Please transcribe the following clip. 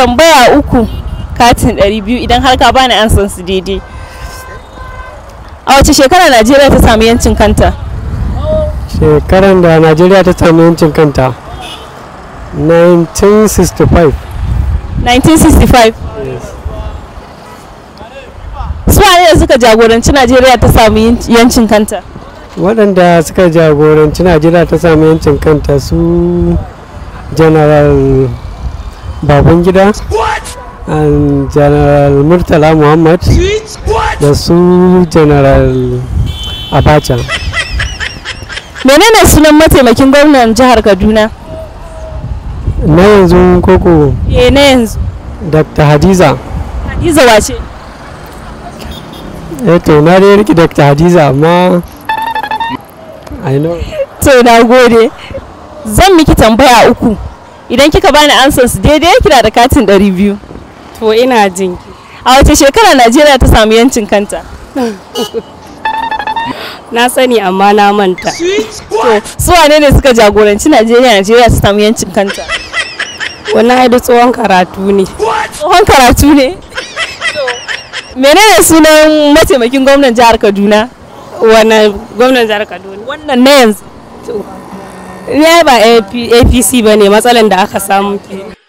tambaya uku katin 200 idan har ka bani an san su daidai a wace shekara najeriya ta samu yancin kanta shekarar da najeriya ta samu yancin kanta 1965 1965 su waye da suka jagoranci najeriya ta samu yancin kanta waɗanda suka jagoranci najeriya ta samu yancin kanta su general babangida and general murtala muhammad da su general abacha menene sunan mataimakin gwamnan jihar kaduna na yanzu koko eh na yanzu dr hadiza hadiza wace eh to na dai riki dr hadiza amma i know to na gode zan miki tambaya uku idan kika bani ansan su daidai kina da katin 200 to ina jin a wace shekara najeriya ta samu yancin kanta na sani amma na manta to su wane ne suka jagoranci najeriya najeriya ta samu yancin kanta wannan haidu tsohon karatu ne tsohon karatu ne menene sunan mataimakin gwamnan jihar kaduna wannan gwamnan jihar kaduna wannan na yanzu ya ba apc ba ne matsalan da aka samu ke